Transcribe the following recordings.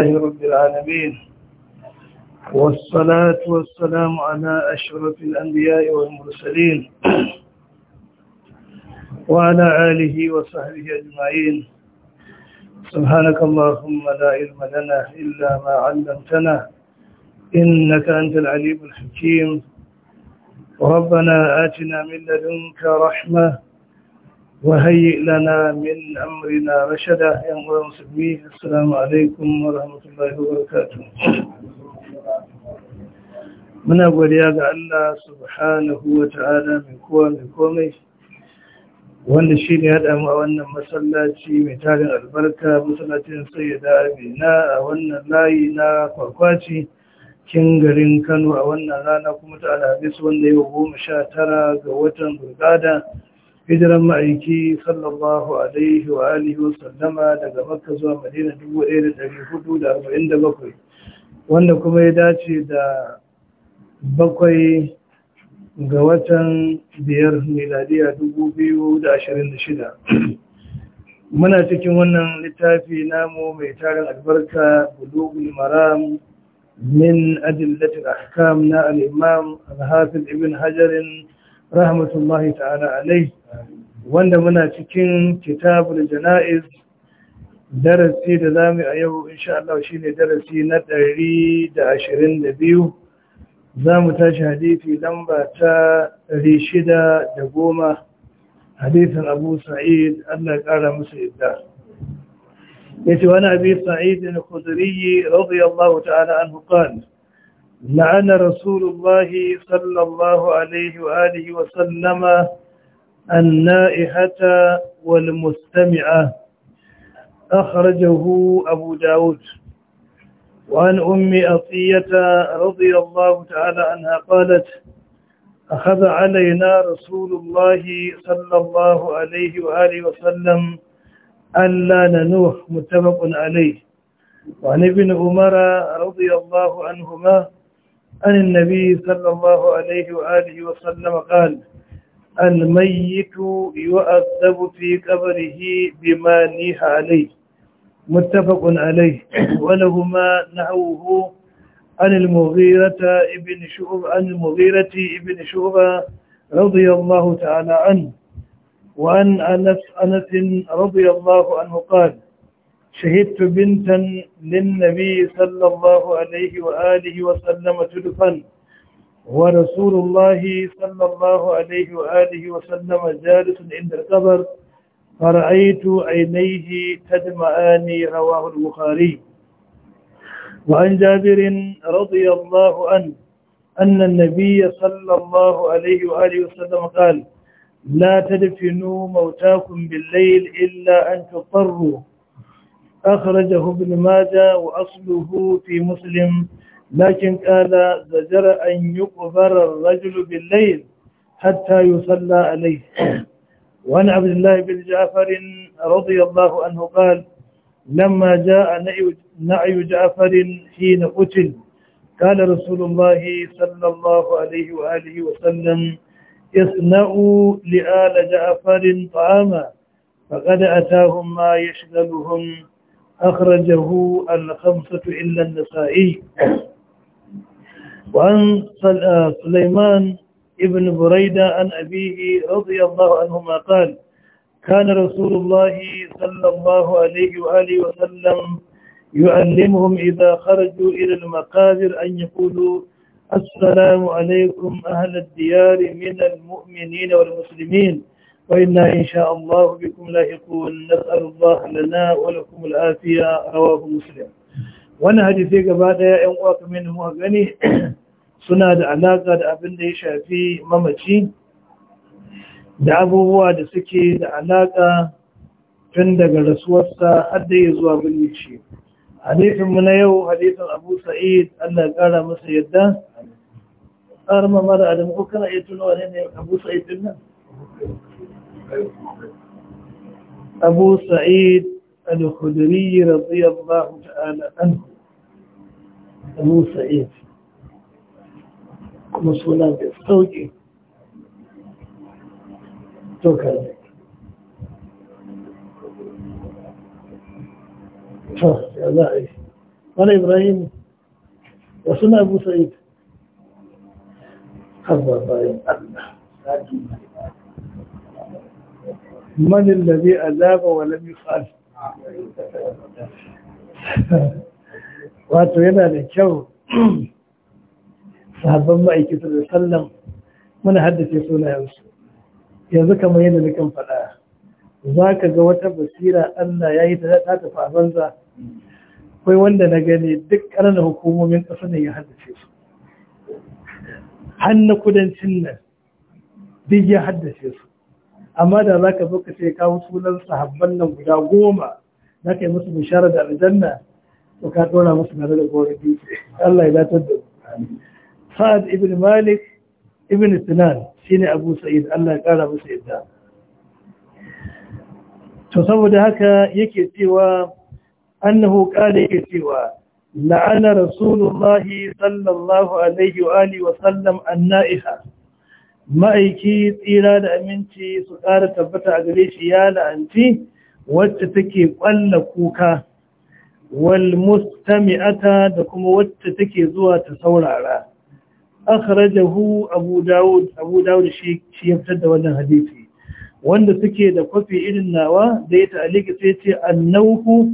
لله رب العالمين والصلاة والسلام على أشرف الأنبياء والمرسلين وعلى آله وصحبه أجمعين سبحانك اللهم لا علم لنا إلا ما علمتنا إنك أنت العليم الحكيم ربنا آتنا من لدنك رحمة وهيئ لنا من أمرنا رشدا يا مسلمين السلام عليكم ورحمة muna godiya ga Allah subhanahu wa ta'ala mai kowa mai komai wanda shi ne haɗa mu a wannan masallaci mai tarin albarka masallacin sayyada amina a wannan layi na kwakwaci kin garin kano a wannan rana kuma ta alhamis wanda yau goma sha tara ga watan burgada hijiran ma'aiki sallallahu alaihi wa alihi wa sallama daga makka zuwa madina 1447 wanda kuma ya dace da bakwai ga watan biyar miladiya 2026 muna cikin wannan littafi namu mai tarin albarka bulugul maram min adillatul ahkam na al-imam al-hafiz ibn hajarin rahmatullahi ta'ala alai wanda muna cikin kitabul jana'iz darasi da zamu a yau insha Allah shine darasi na 122 zamu tashi hadisi lamba ta 610 hadisin Abu Sa'id Allah ya kara masa idda yace wani Abi Sa'id al-Khudri radiyallahu ta'ala anhu qala لعن رسول الله صلى الله عليه وآله وسلم النائحة والمستمعة أخرجه أبو داود وعن أم أطية رضي الله تعالى عنها قالت أخذ علينا رسول الله صلى الله عليه وآله وسلم ألا ننوح متفق عليه وعن ابن عمر رضي الله عنهما عن النبي صلى الله عليه وآله وسلم قال الميت يؤذب في قبره بما نيح عليه متفق عليه ولهما نحوه عن المغيرة ابن شعب عن المغيرة ابن شعب رضي الله تعالى عنه وعن أنس أنس رضي الله عنه قال شهدت بنتا للنبي صلى الله عليه وآله وسلم تدفن ورسول الله صلى الله عليه وآله وسلم جالس عند القبر فرأيت عينيه تدمعان رواه البخاري وعن جابر رضي الله عنه أن النبي صلى الله عليه وآله وسلم قال لا تدفنوا موتاكم بالليل إلا أن تضطروا أخرجه ابن ماجه وأصله في مسلم لكن قال زجر أن يقبر الرجل بالليل حتى يصلى عليه وعن عبد الله بن جعفر رضي الله عنه قال لما جاء نعي جعفر حين قتل قال رسول الله صلى الله عليه وآله وسلم اصنعوا لآل جعفر طعاما فقد أتاهم ما يشغلهم أخرجه الخمسة إلا النسائي وعن آه، سليمان ابن بريدة عن أبيه رضي الله عنهما قال كان رسول الله صلى الله عليه وآله وسلم يعلمهم إذا خرجوا إلى المقابر أن يقولوا السلام عليكم أهل الديار من المؤمنين والمسلمين وإنا إن شاء الله بكم لاحقون نسأل الله لنا ولكم العافية رواه مسلم wani hadisai gaba ɗaya yan uwa kamar yadda muka gani suna da alaka da abinda ya shafi mamaci da abubuwa da suke da alaƙa tun daga rasuwarsa har da ya zuwa birni ce mu na yau hadisin Abu Sa'id Allah kara masa yadda kar ma mara adam ko kana iya tunawa ne Abu Sa'id din nan أبو سعيد الخدري رضي الله تعالى عنه أبو سعيد كما سولا بالصوت توكل قال إبراهيم وسمع أبو سعيد حفظ إبراهيم الله man allazi azaba wa lam wato yana da kyau sahabban ma'aikatar da sallan muna haddace sunayensu yanzu kamar yadda nukan faɗa za ka ga wata basira Allah ya yi ta tafi a banza akwai wanda na gani duk ƙananan hukumomin ƙasa ne ya haddace su har na kudancin nan duk ya haddace su amma da za ka zo ka kawo sunan sahabban nan guda goma za ka yi musu bishara da aljanna to ka ɗora musu na da gore dutse Allah ya datar da Sa'ad ibn Malik ibn Sinan shine Abu Sa'id Allah ya kara musu yadda to saboda haka yake cewa annahu qala yake cewa la'ana rasulullahi sallallahu alaihi wa alihi wa sallam an-na'iha ma'aiki tsira da aminci su tsara tabbata a gare shi ya la'anci wacce take ƙwalla kuka wal mustami'ata da kuma wacce take zuwa ta saurara akhrajahu abu daud abu dawud shi shi ya fitar da wannan hadisi wanda suke da kwafi irin nawa da ya ta'aliki sai ce annauhu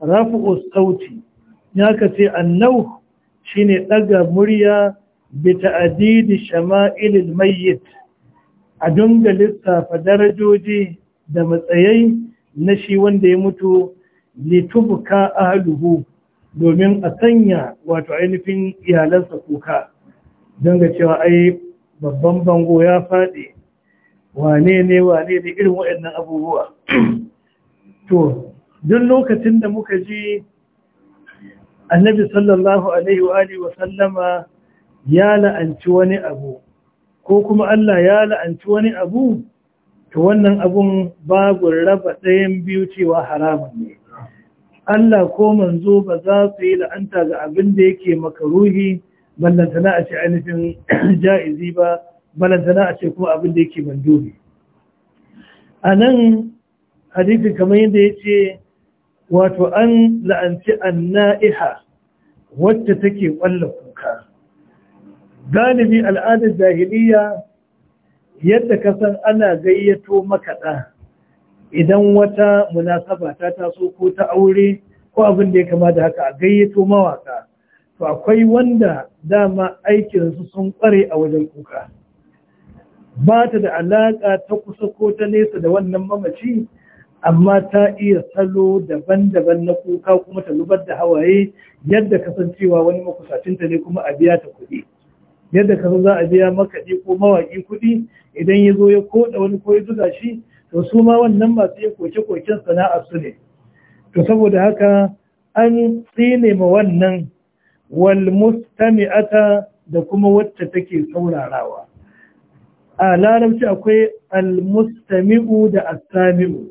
rafu'u sauti ya ka ce shine daga murya bi ta'adidi shama'ilil mayyit a dunga lissafa darajoji da matsayai na shi wanda ya mutu litubuka ahluhu domin a sanya wato ainihin iyalansa kuka don ga cewa ai babban bango ya faɗi wane ne irin waɗannan abubuwa to duk lokacin da muka ji annabi sallallahu ya la'anci wani abu ko kuma Allah ya la'anci wani abu to wannan abun babu raba ɗayan biyu cewa haramun ne Allah ko manzo ba za su yi la'anta ga abin da yake makaruhi ballantana a ce ainihin ja'izi ba ballantana a ce kuma abin da yake mandubi a nan hadithi kamar yadda ya ce wato an la'anci Na'iha wacce take ƙwallafa galibi al'adar jahiliya yadda ka san ana gayyato makaɗa idan wata munasaba ta taso ko ta aure ko abin da ya kama da haka a gayyato mawaka to akwai wanda dama aikinsu sun kware a wajen kuka ba ta da alaƙa ta kusa ko ta nesa da wannan mamaci amma ta iya salo daban-daban na kuka kuma ta lubar da hawaye yadda kasancewa wani makusacinta ne kuma a biya ta kuɗi yadda ka za a biya makaɗi ko mawaƙi kuɗi idan ya zo ya koɗa wani ko ya zuga shi to su ma wannan masu yin koke-koken sana'a su ne to saboda haka an tsine ma wannan wal mustami'ata da kuma wacce take saurarawa a larabci akwai al mustami'u da astami'u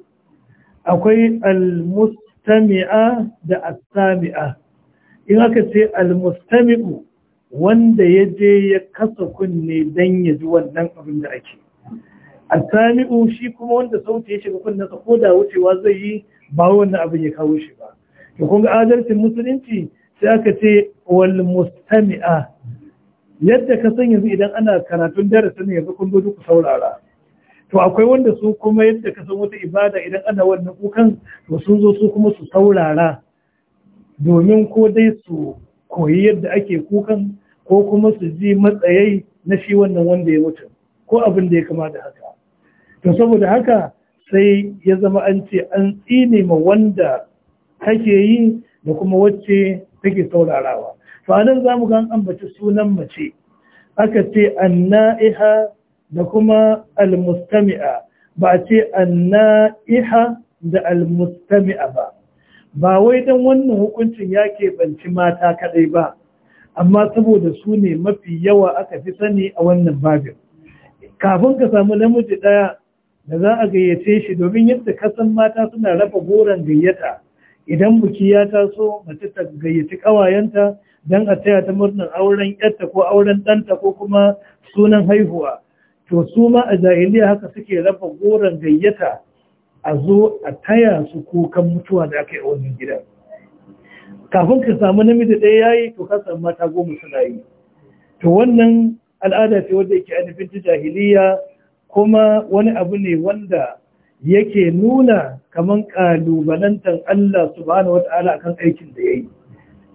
akwai al mustami'a da astami'a in aka ce al mustami'u wanda ya je ya kasa kunne don ya ji wannan abin da ake a sami'u shi kuma wanda sauti ya shiga sa ko da wucewa zai yi ba wannan abin ya kawo shi ba to kun ga adalcin musulunci sai aka ce wal mustami'a yadda ka san yanzu idan ana karatun darasin yanzu kun zo ku saurara to akwai wanda su kuma yadda ka san wata ibada idan ana wannan kukan to sun zo su kuma su saurara domin ko dai su koyi yadda ake kukan ko kuma su ji matsayai na shi wannan wanda ya mutu ko abin da ya kama da haka to saboda haka sai ya zama an ce an tsine ma wanda take yi da kuma wacce take saurarawa fa'adan za mu gan an ambaci sunan mace aka ce na'iha da kuma almustami'a ba a ce na'iha da almustami'a ba ba wai dan wannan hukuncin ya banci mata kaɗai ba amma saboda su ne mafi yawa aka fi sani a wannan babin kafin ka samu namiji ɗaya da za a gayyace shi domin yadda kasan mata suna rafa goron gayyata idan buki ya taso mace ta gayyaci ƙawayenta don a taya ta murnar auren yarta ko auren ɗanta ko kuma sunan haihuwa to su ma a jahiliya haka suke rafa goron gayyata a zo a taya su kukan mutuwa da aka yi a wannan gidan kafin ka samu namiji ɗaya ya yi to ka samu mata goma suna yi to wannan al'ada ce wanda yake ainihin ta jahiliya kuma wani abu ne wanda yake nuna kamar kalubalantar Allah subhanahu wata'ala akan aikin da ya yi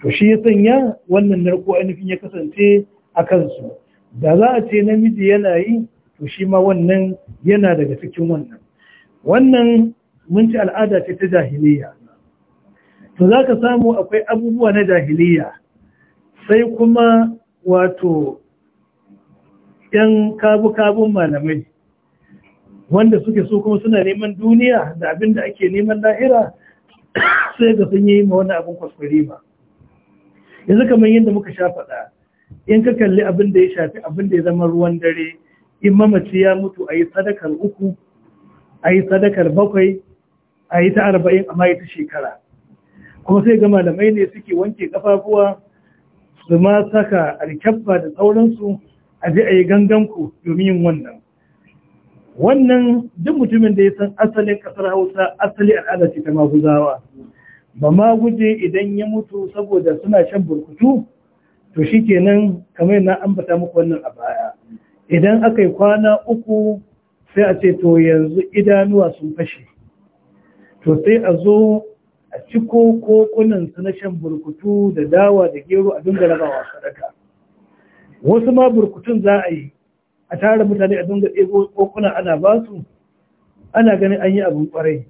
to shi ya sanya wannan narko ainihin ya kasance a kansu da za a ce namiji yana yi to shi ma wannan yana daga cikin wannan wannan mun ci al'ada ce ta jahiliya to za ka samu akwai abubuwa na jahiliya sai kuma wato ‘yan kabu-kabun malamai wanda suke so kuma suna neman duniya da abin da ake neman lahira sai ga sun yi ma wani abin kwaskwari ba yanzu kamar yadda muka sha faɗa in ka kalli abin da ya shafi abin da ya zama ruwan dare in mamaci ya mutu a yi sadakar uku a yi sadakar bakwai a yi ta arba'in amma yi ta shekara kuma sai ga malamai ne suke wanke kafafuwa su ma saka alkyabba da sauransu a ji a yi ganganku domin yin wannan wannan duk mutumin da ya san asalin kasar hausa asali al'ada ce ta maguzawa ba ma guje idan ya mutu saboda suna shan burkutu to shi kenan kamar na ambata muku wannan a baya idan aka yi kwana uku sai a ce to yanzu idanuwa sun fashe to sai a zo a ciko kokunansu na shan burkutu da dawa da gero a dinga rabawa sadaka wasu ma burkutun za a yi a tara mutane a dinga ɗebo kokuna ana ba su ana ganin an yi abin kwarai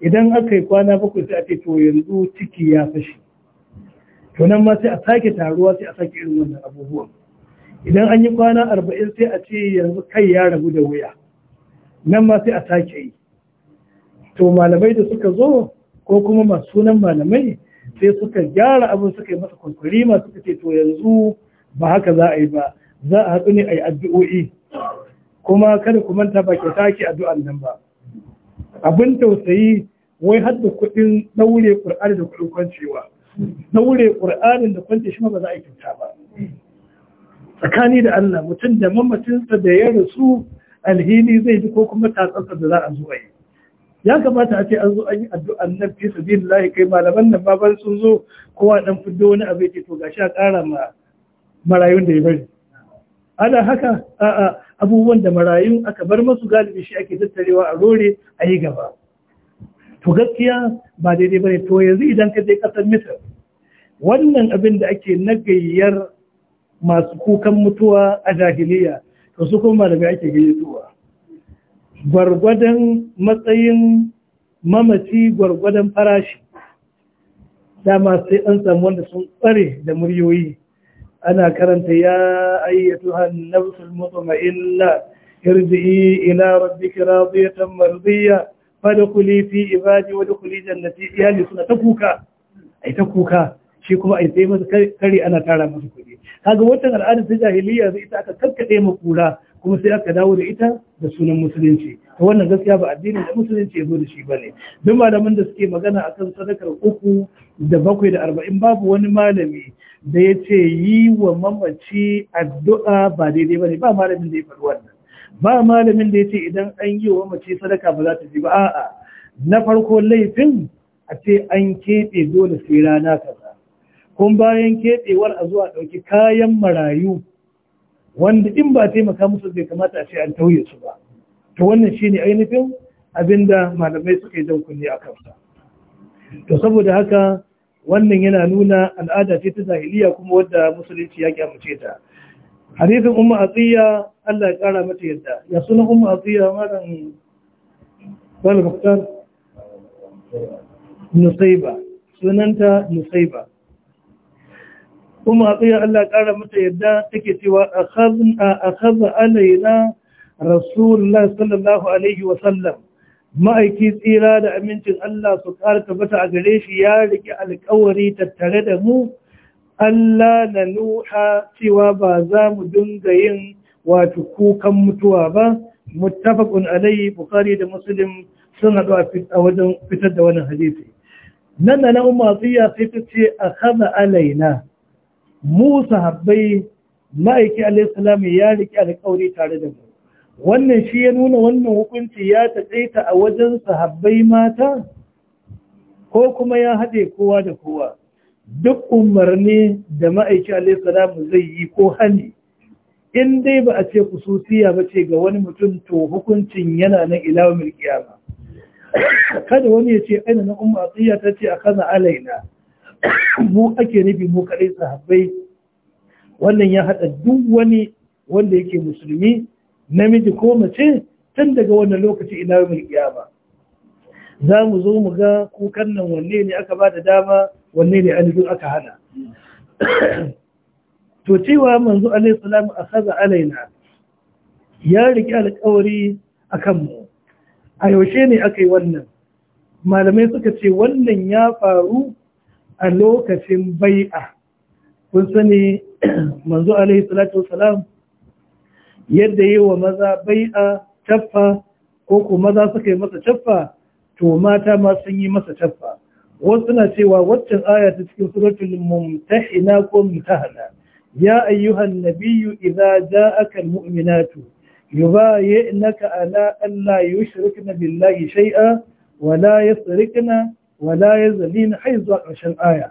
idan aka yi kwana bakwai sai a ce to yanzu ciki ya fashe to nan ma sai a sake taruwa sai a sake irin wannan abubuwan idan an yi kwana arba'in sai a ce yanzu kai ya rabu da wuya nan ma sai a sake yi to malamai da suka zo ko kuma masu sunan malamai sai suka gyara abin suka yi masa kwankwari masu suka ce to yanzu ba haka za a yi ba za a haɗu ne a yi addu'o'i kuma kada ku manta ba ke taki addu'an nan ba abin tausayi wai har da kuɗin ɗaure ƙur'ani da kuɗin kwancewa ɗaure ƙur'anin da kwance shi ma ba za a yi kyauta ba tsakani da Allah mutum da mamacinsa da ya rasu alhini zai ji ko kuma tatsarsa da za a zo a yi ya kamata a ce an zo an yi addu'an nan fi sabilillahi kai malaman nan ma bar sun zo kowa dan fiddo wani abu ce to gashi a ƙara ma marayun da ya bari ana haka a'a abubuwan da marayun aka bar masu galibi shi ake tattarewa a rore a yi gaba to gaskiya ba daidai ba ne to yanzu idan ka je ƙasar misir wannan abin da ake na gayyar masu kukan mutuwa a jahiliya to su kuma malamai ake gayyatowa gwargwadon matsayin mamaci gwargwadon farashi dama sai an samu wanda sun tsare da muryoyi ana karanta ya ayyatu hannabsul mutma'inna irji'i ila rabbika radiyatan mardiya fadkhuli fi ibadi wa dkhuli jannati li suna ta kuka ai ta shi kuma ai sai masa kare ana tara masa kuɗi kaga wannan al'adar ta jahiliya zai ita aka kakkade mu kura kuma sai aka dawo da ita da sunan musulunci ta wannan gaskiya ba addinin da musulunci ya zo da shi ba ne duk malamin da suke magana a kan sadakar uku da bakwai da arba'in babu wani malami da ya ce yi wa mamaci addu'a ba daidai ba ne ba malamin da ya faru wannan ba malamin da ya ce idan an yi wa mamaci sadaka ba za ta ji ba a'a na farko laifin a ce an keɓe dole sai rana kaza kun bayan keɓewar a zuwa ɗauki kayan marayu wanda in ba taimaka musu bai kamata a ce an tauye su ba to wannan shine ainihin abinda malamai suka yi don kunni a kansa to saboda haka wannan yana nuna al'ada ce ta zahiliya kuma wadda musulunci ya kyamace ta hadisin umma atiya Allah ya kara mata yadda ya suna umma atiya malam bal muktar nusaiba sunanta nusaiba kuma a tsaye Allah ƙara mata yadda take cewa a kaza alaina rasulullah sallallahu alaihi wasallam ma'aiki tsira da amincin Allah su ƙara tabbata a gare shi ya riƙe alƙawari tattare da mu Allah na nuha cewa ba za mu dinga yin wato kukan mutuwa ba muttafaqun alayhi bukhari da muslim sun haɗu a wajen fitar da wannan hadisi nan da na umma tsiya sai ta ce akhadha alaina Musa sahabbai ma'aiki alaihissalam ya riƙe alƙawari tare da mu wannan shi ya nuna wannan hukunci ya taƙaita a wajen sahabbai mata ko kuma ya haɗe kowa da kowa duk umarni da ma'aiki alaihissalam zai yi ko hani in dai ba a ce kususiya ba ce ga wani mutum to hukuncin yana nan mulkiya ba. kada wani ya ce aina na ta ce a kaza alaina mu ake nufi mu kaɗai sahabbai wannan ya haɗa duk wani wanda yake musulmi namiji ko mace tun daga wannan lokaci ina mai kiyama za mu zo mu ga kukan nan wanne ne aka ba da dama wanne ne alifin aka hana to cewa manzo alaihi salamu a kaza alaina ya riƙe alƙawari a kanmu a yaushe ne aka yi wannan malamai suka ce wannan ya faru a lokacin bai'a kun sani manzo alaihi salatu wasalam yadda yi wa maza bai'a caffa ko kuma maza suka yi masa caffa to mata ma sun yi masa caffa wasu na cewa waccan aya ta cikin suratul mumtahina ko mutahana ya ayyuhan nabiyyu idza ja'aka almu'minatu yubayyinaka ala an la yushrikna billahi shay'a wa la yasrikna wala ya zali na hai zuwa ƙarshen aya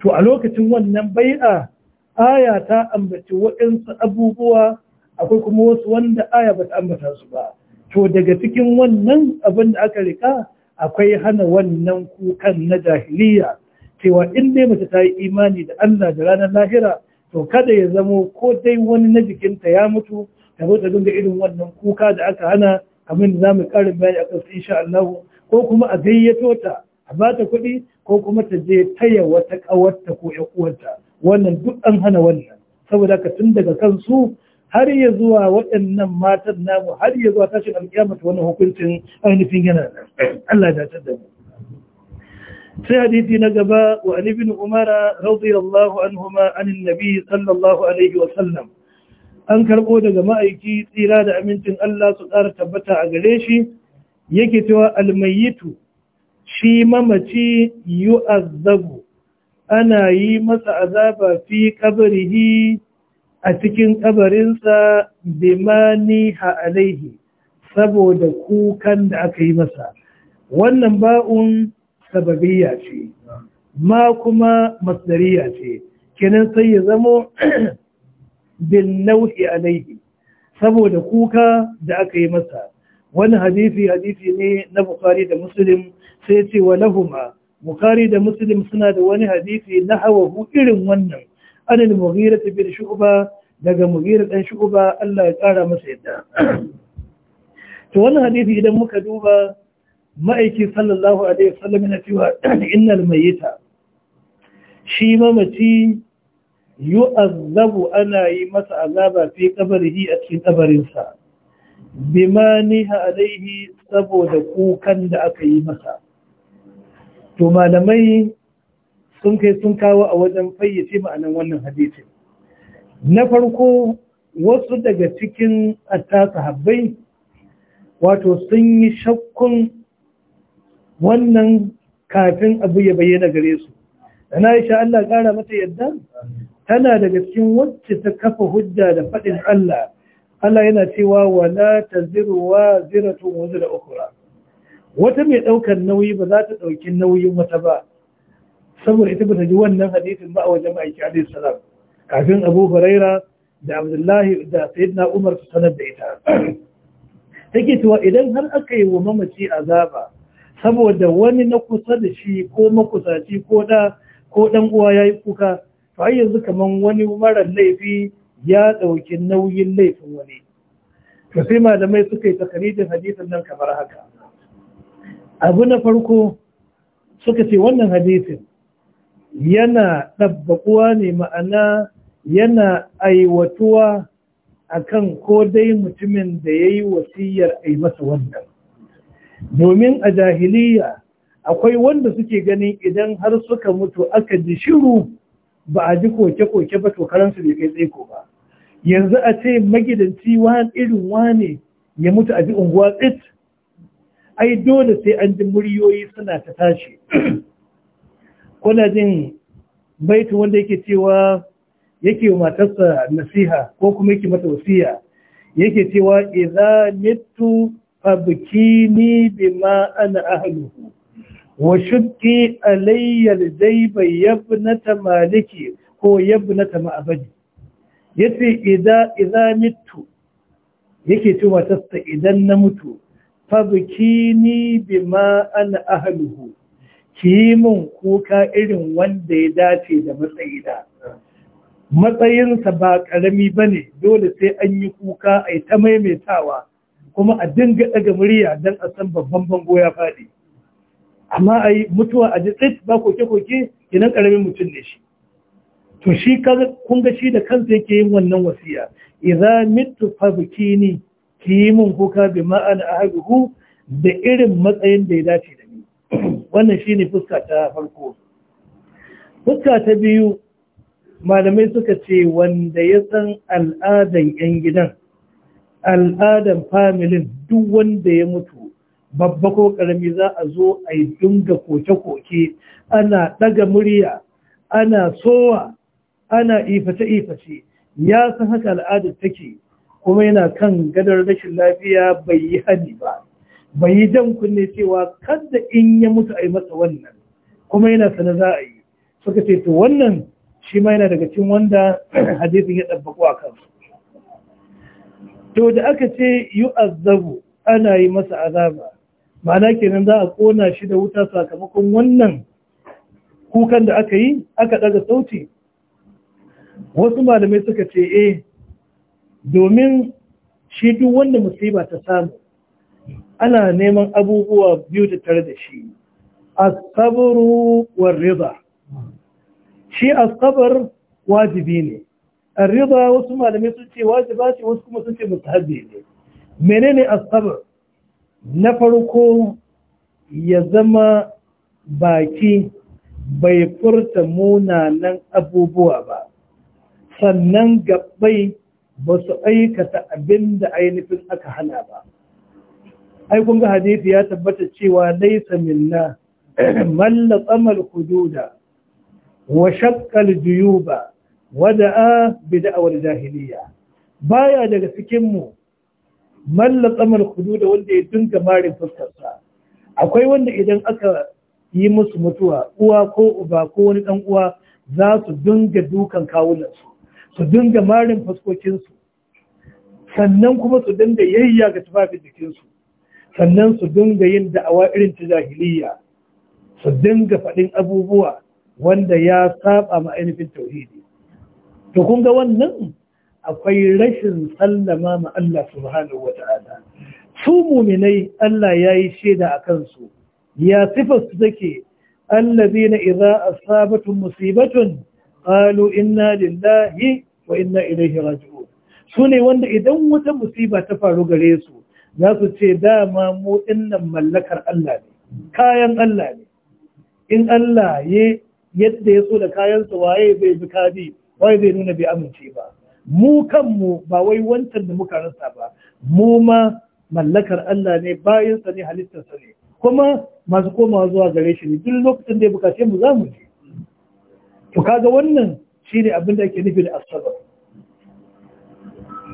to a lokacin wannan bai'a aya ta ambaci waɗansu abubuwa akwai kuma wasu wanda aya ba ta ambata su ba to daga cikin wannan abin da aka rika akwai hana wannan kukan na jahiliya cewa in dai mace ta yi imani da Allah da ranar lahira to kada ya zamo ko dai wani na jikinta ya mutu ta zo ta dinga irin wannan kuka da aka hana kamar da mu karin bayani a su insha Allah ko kuma a gayyato ta a ba ta kuɗi ko kuma ta je taya wata ƙawarta ko ƴan uwarta wannan duk an hana wannan saboda ka tun daga kansu har ya zuwa waɗannan matan namu har ya zuwa tashin alƙiyamata wannan hukuncin ainihin yana nan Allah ya da mu sai hadisi na gaba wa Ali bin Umar radiyallahu anhuma anin nabi sallallahu alaihi wa sallam an karbo daga ma'aiki tsira da amincin Allah su ƙara tabbata a gare shi yake cewa almayitu shi mamaci yu'azzabu ana yi masa azaba fi kabarihi a cikin kabarinsa bimani ha alaihi saboda kukan da aka yi masa wannan ba'un sababiyya ce ma kuma masdariya ce kenan sai ya zamo bin nau'i alaihi saboda kuka da aka yi masa wani hadisi hadisi ne na bukari da muslim sai ce wa lahuma bukari da muslim suna da wani hadisi na hawahu irin wannan anil mughira bin shu'ba daga mughira dan shu'ba Allah ya kara masa yadda to wannan hadisi idan muka duba ma'aiki sallallahu alaihi wasallam yana cewa innal mayyita shi mamaci yu'azzabu ana yi masa azaba fi qabrihi a cikin kabarinsa bima ha alaihi saboda kukan da aka yi masa to malamai sun kai sun kawo a wajen fayyace ma'anan wannan hadisi na farko wasu daga cikin attasa habbai wato sun yi shakkun wannan kafin abu ya bayyana gare su da na isha Allah ƙara mata yadda tana daga cikin wacce ta kafa hujja da faɗin Allah Allah yana cewa wala taziru wa ziratun wuzra ukhra wata mai daukar nauyi ba za ta dauki nauyin wata ba saboda ita bata ji wannan hadisin ba a wajen aiki a salam kafin Abu Huraira da Abdullahi da Sayyidina Umar su sanar da ita take cewa idan har aka yi wa mamaci azaba saboda wani na kusa da shi ko makusaci ko da ko dan uwa yayi kuka to ai yanzu kaman wani mara laifi ya ɗauki nauyin laifin wani to sai malamai suka yi takarijin hadisin nan kamar haka abu na farko suka ce wannan hadisin yana ɗabbaƙuwa ne ma'ana yana aiwatuwa akan ko dai mutumin da ya yi wasiyar a masa wannan domin a jahiliya akwai wanda suke ganin idan har suka mutu aka ji shiru ba a ji koke-koke ba to karansu bai kai tsaiko ba yanzu a ce magidanci wani irin wani ya mutu a ji unguwa tsit ai dole sai an ji muryoyi suna ta tashi kuna jin baitu wanda yake cewa yake matarsa nasiha ko kuma yake mata wasiya yake cewa idza mittu fabkini bima ana ahluhu wa shuddi alayya al-jayba yabnata maliki ko yabnata ma'abadi yace ce idza mitu yake ce idan na mutu fabkini bima ana ahluhu ki yi min kuka irin wanda ya dace da da. matsayinsa ba ƙarami ba ne dole sai an yi kuka a yi ta maimaitawa kuma a dinga ɗaga murya don a san babban bango ya faɗi amma a yi mutuwa a ji tsit ba koke-koke idan ƙaramin mutum ne shi to shi kun ga shi da kansa yake yin wannan wasiya idza mitu fabkini ki yi mun kuka bi ma'ana ahaduhu da irin matsayin da ya dace da ni wannan shine fuska ta farko fuska ta biyu malamai suka ce wanda ya san al'adan yan gidan al'adan familin duk wanda ya mutu babba ko karami za a zo a yi dinga koke-koke ana daga murya ana sowa ana iface-iface ya san haka al'adar take kuma yana kan gadar rashin lafiya bai yi hadi ba bai yi jan kunne cewa kada in ya mutu a yi masa wannan kuma yana sana za a yi suka ce to wannan shi ma yana daga cikin wanda hadisin ya ɗabbaku a kan to da aka ce yi azabu ana yi masa azaba ma'ana kenan za a kona shi da wuta sakamakon wannan kukan da aka yi aka ɗaga sauti wasu malamai suka ce e domin shi duk wanda musiba ta samu ana neman abubuwa biyu da tare da shi asabaru wa riba shi asabar wajibi ne A riba wasu malamai sun ce wajiba ce wasu kuma sun ce mustahabi ne menene asabar na farko ya zama baki bai furta munanan abubuwa ba sannan gabbai ba su aikata abin da ainihin aka hana ba ai kun ga hadisi ya tabbata cewa laisa minna malla tsamar hududa wa shakkal juyuba wada da'a bi jahiliya baya daga cikinmu mu tsamar da hududa wanda ya dinga marin fuskarsa akwai wanda idan aka yi musu mutuwa uwa ko uba ko wani uwa za su dinga dukan kawunansu su dinga marin faskokinsu, sannan kuma su dinga yayya ga tufafin jikinsu sannan su dinga yin da'awa irin ta jahiliya su dinga faɗin abubuwa wanda ya saba ma ainihin tauhidi to kun ga wannan akwai rashin sallama ma Allah subhanahu wa ta'ala su muminai Allah ya yi shaida a kansu ya sifar su take allazina idza asabatu musibatun qalu inna lillahi wa inna ilaihi raji'un su ne wanda idan wata musiba ta faru gare su za su ce dama mu dinnan mallakar Allah ne kayan Allah ne in Allah ya yadda ya so da kayan su waye bai bi kadi waye bai nuna bai amince ba mu kanmu ba wai wancan da muka rasa ba mu ma mallakar Allah ne bayansa ne halittar ne kuma masu komawa zuwa gare shi ne duk lokacin da ya bukace mu za mu je to kaga wannan shi ne abin da ake nufi da asabar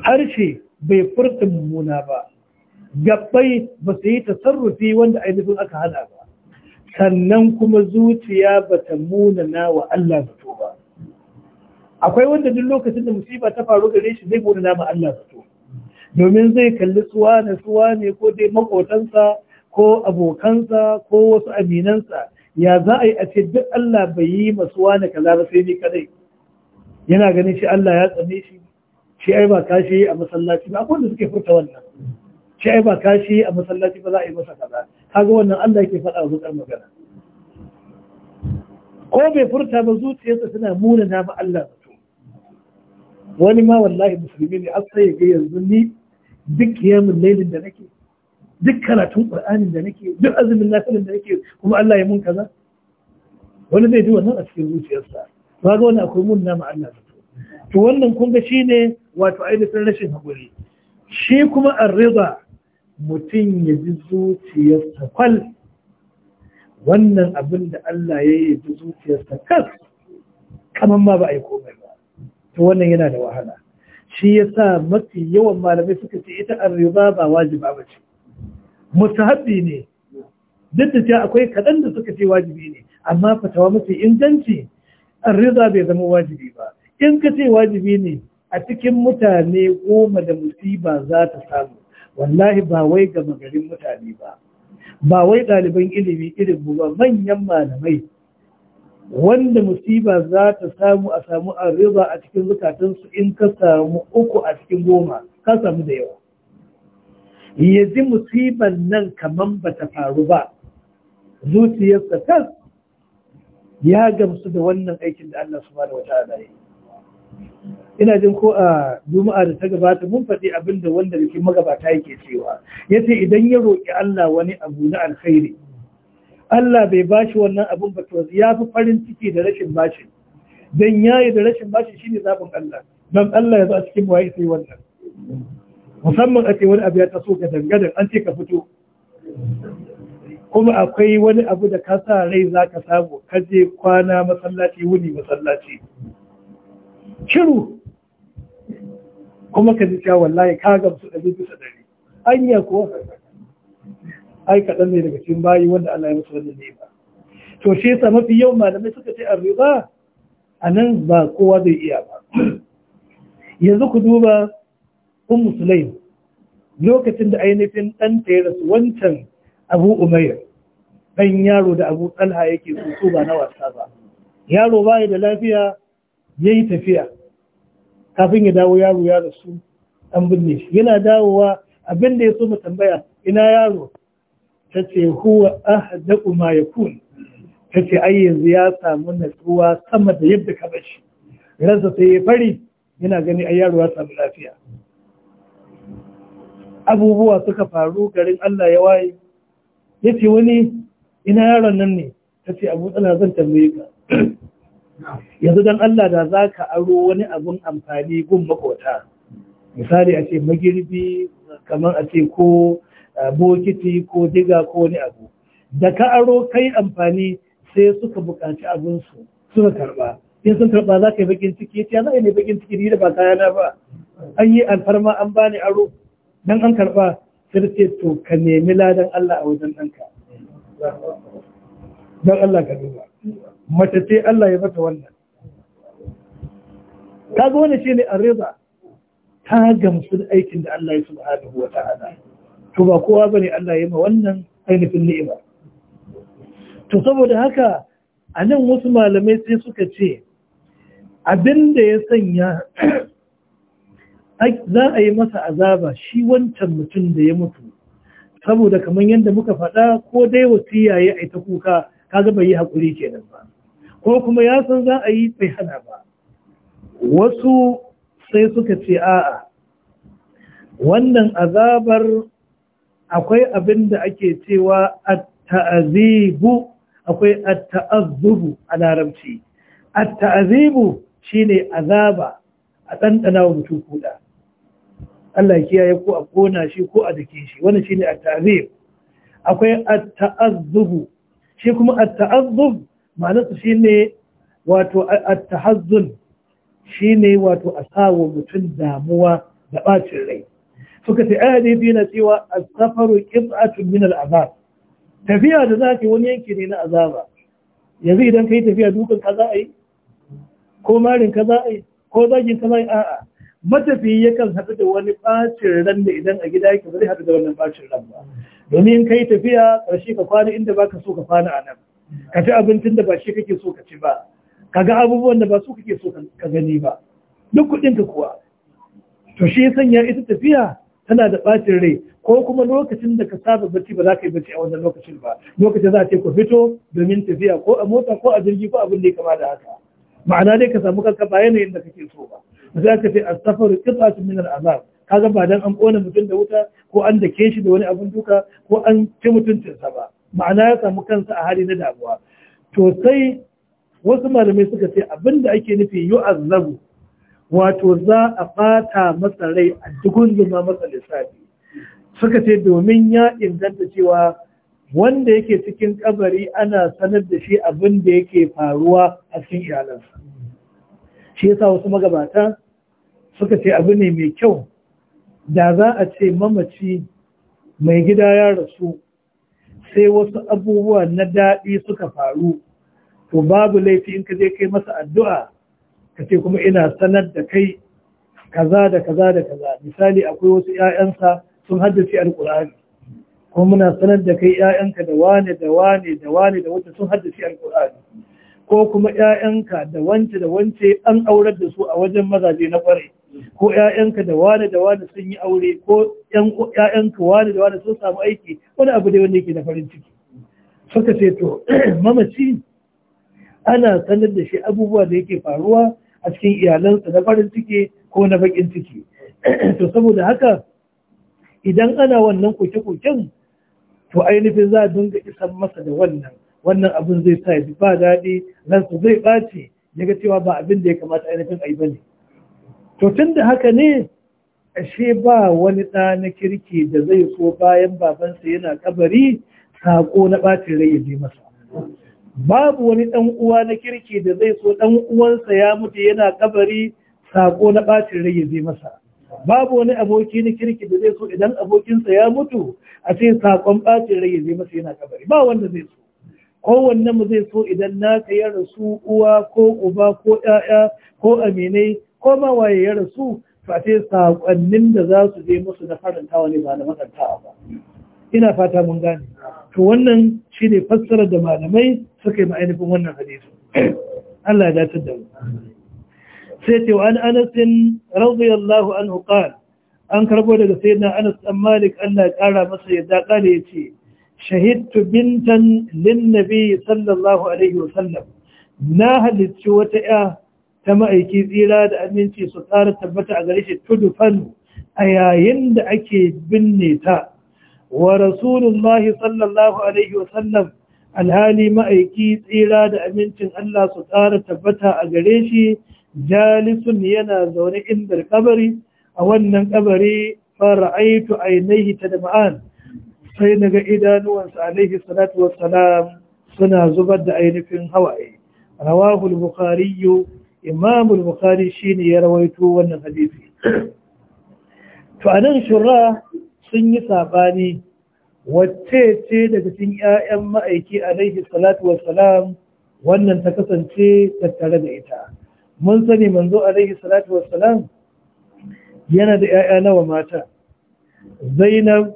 harshe bai furta mummuna ba gabbai ba su yi tasarrufi wanda ainihin aka hana ba sannan kuma zuciya ba ta munana wa Allah zato ba akwai wanda duk lokacin da musiba ta faru gare shi zai munana ma Allah zato domin zai kalli suwa na suwa ne ko dai makotansa ko abokansa ko wasu aminansa ya za a yi a ce duk Allah bai yi masuwa na kaza ba sai ni kadai yana ganin shi Allah ya tsane shi shi ai ba kashi a masallaci ba akwai da suke furta wannan shi ai ba kashi a masallaci ba za a yi masa kaza kaga wannan Allah yake faɗa a zuƙar magana ko bai furta ba zuciyarsa tana muna na ba Allah to wani ma wallahi musulmi ne asa ya ga yanzu ni duk kiyamun lailin da nake duk karatun qur'anin da nake duk azumin lafiyar da nake kuma Allah ya mun kaza wani zai ji wannan a cikin zuciyarsa ba ga wani akwai mun nama Allah to wannan kun ga shine wato ainihin rashin haƙuri shi kuma arriba mutum ya ji zuciyarsa kwal wannan abin da Allah ya yi ji zuciyarsa kas kamar ma ba a yi komai ba to wannan yana da wahala shi ya sa mafi yawan malamai suka ce ita arriba ba wajiba ba ce musahabi ne duk da cewa akwai kaɗan da suka ce wajibi ne amma fatawa mafi inganci arriza bai zama wajibi ba in ka ce wajibi ne a cikin mutane goma da musiba za ta samu wallahi ba wai ga magarin mutane ba ba wai ɗaliban ilimi irin mu ba manyan malamai wanda musiba za ta samu a samu arriza a cikin zukatansu in ka samu uku a cikin goma ka samu da yawa ya ji musiban nan kamar ba ta faru ba zuciyarsa tas ya gamsu da wannan aikin da Allah subhanahu wata'ala ya ina jin ko a juma'a da ta gabata mun faɗi abin da wanda rikin magabata yake cewa yace idan ya roƙi Allah wani abu na alkhairi Allah bai bashi wannan abun ba to ya fi farin ciki da rashin bashi dan yayi da rashin bashi shine zabin Allah dan Allah ya zo a cikin waye sai wannan musamman a ce wani abu ya taso ga dangadan an ce ka fito kuma akwai wani abu da ka sa rai za ka samu kaje kwana masallaci wuni masallaci shiru kuma ka ji cewa wallahi ka gamsu da bisa dare anya ko ai kaɗan ne daga cikin bayi wanda Allah ya musu wannan ba to shi yasa mafi yawan malamai suka ce arriba a nan ba kowa zai iya ba yanzu ku duba ummu sulaim lokacin da ainihin ɗanta ya rasu wancan abu umair ɗan yaro da abu ɗalha yake tsotso ba na wasa ba yaro ba da lafiya ya yi tafiya kafin ya dawo yaro ya rasu an binne shi yana dawowa abin da ya so mu tambaya ina yaro ta ce huwa kuma ya kun ta ce ai yanzu ya samu natsuwa sama da yadda ka bashi ransa sai ya fari yana gani a yaro ya samu lafiya abubuwa suka faru garin Allah ya waye ya ce wani ina yaron nan ne ta ce abu tsala zan tambaye ka yanzu don Allah da za ka aro wani abun amfani gun makota misali a ce magirbi kamar a ce ko eh, bokiti ko diga ko wani abu da ka aro kai amfani sai suka bukaci abinsu suka karɓa in sun karba za ka yi bakin ciki ya ce za a yi bakin ciki da ba kayana ba an yi alfarma an bani aro Idan an karɓa sai to ka nemi ladan Allah a wajen ɗanka don Allah ka duba mace ce Allah ya mata wannan ka shi ne a arriba ta gamsu da aikin da Allah ya subhanahu wa ta'ada to ba kowa ba ne Allah ya ma wannan ainihin ni'ima to saboda haka a nan wasu malamai sai suka ce abin da ya sanya za a yi masa azaba shi wancan mutum da ya mutu saboda kamar yadda muka faɗa ko dai wasiya ya aita kuka kaga bai yi haƙuri kenan ba ko kuma ya san za a yi bai hana ba wasu sai suka ce a'a wannan azabar akwai abin da ake cewa a taazibu akwai a ta'azubu a larabci Atta'azibu taazibu shine azaba a ɗanɗana wa mutum kuɗa Allah ya kiyaye ko a kona shi ko a dake shi wannan shine at-ta'zib akwai at-ta'azzub shi kuma at-ta'azzub ma'anarsa shine wato at-tahazzun shine wato asawo mutun damuwa da bacin rai suka ce ayati yana cewa as-safaru qit'atun min al-azab tafiya da zaki wani yanki ne na azaba yanzu idan kai tafiya dukan ka za a yi ko marin ka za a yi ko zagin ka za a yi a'a matafiyi yakan haɗu da wani ɓacin ran da idan a gida yake ba zai haɗu da wannan ɓacin ran ba domin yi tafiya ƙarshe ka kwana inda baka so ka kwana a nan ka ci abincin da ba shi kake so ka ci ba ka ga abubuwan da ba su kake so ka gani ba duk kuɗin ka kuwa to shi sanya ita tafiya tana da ɓacin rai ko kuma lokacin da ka saba bacci ba za ka yi bacci a wannan lokacin ba lokacin za a ce ku fito domin tafiya ko a mota ko a jirgi ko abin da ya kama da haka ma'ana dai ka samu kanka ba yanayin da kake so ba za ka ce astafar qit'at min al'azab kaga ba dan an kona mutum da wuta ko an dake shi da wani abin duka ko an ci mutuncinsa ba ma'ana ya samu kansa a hali na damuwa to sai wasu malamai suka ce abin da ake nufi yu'azzabu wato za a fata masa rai a dukkan zuma masa lissafi suka ce domin ya inganta cewa wanda yake cikin kabari ana sanar da shi abin da yake faruwa a cikin iyalansa shi yasa wasu magabata suka ce abu ne mai kyau da za a ce mamaci mai gida ya rasu sai wasu abubuwa na daɗi suka faru to babu laifi in ka je kai masa addu'a ka ce kuma ina sanar da kai kaza da kaza da kaza misali akwai wasu 'ya'yansa sun haddace alƙur'ani kuma muna sanar da kai 'ya'yanka da wane da wane da wane da wacce sun haddace alƙur'ani ko kuma 'ya'yanka da wance da wance an aurar da su a wajen mazaje na kwarai? ko 'ya'yanka da wani da wani sun yi aure ko ƴaƴanka wani da wani sun samu aiki wani abu dai wanda yake da farin ciki suka ce to mamaci ana sanar da shi abubuwa da yake faruwa a cikin iyalansa na farin ciki ko na bakin ciki to saboda haka idan ana wannan koke-koken to ainihin za a dinga isan masa da wannan wannan abin zai sa ya ba daɗi ransa zai ɓaci ya cewa ba abin da ya kamata ainihin ayi yi ba ne to tun da haka ne ashe ba wani ɗa na kirki da zai so bayan babansa yana kabari saƙo na ɓacin rai ya je masa babu wani ɗan uwa na kirki da zai so ɗan uwansa ya mutu yana kabari saƙo na ɓacin rai ya je masa babu wani aboki na kirki da zai so idan abokinsa ya mutu a ce saƙon ɓacin rai ya je masa yana kabari ba wanda zai so kowanne mu zai so idan naka ya rasu uwa ko uba ko 'ya'ya ko aminai ko waye ya rasu face saƙonnin da za su je musu na farantawa ne ba na ba ina fata mun gane to wannan shi ne fassarar da malamai suka yi ma'ainifin wannan hadisi Allah ya dace da mu sai ce wa an anas radiyallahu anhu qala an karbo daga sayyidina anas dan malik Allah ya kara masa yadda kale yace shahidtu bintan lin nabi sallallahu alaihi wasallam na halicci wata ya ta ma'aiki tsira da aminci su ƙara tabbata a gare shi tudu fanu a yayin da ake binne ta wa rasulullahi sallallahu alaihi wasallam alhali ma'aiki tsira da amincin Allah su ƙara tabbata a gare shi jalisun yana zaune inda kabari a wannan kabari fara'aitu ainihi ta dama'an sai naga idanuwansa alaihi salatu wassalam suna zubar da ainihin hawaye rawahul bukhariyu imam al-bukhari shine ya rawaito wannan hadisi to anan shura sun yi sabani wacce ce daga cikin ƴaƴan ma'aiki alaihi salatu wassalam wannan ta kasance tattare da ita mun sani manzo alaihi salatu wassalam yana da ƴaƴa nawa mata zainab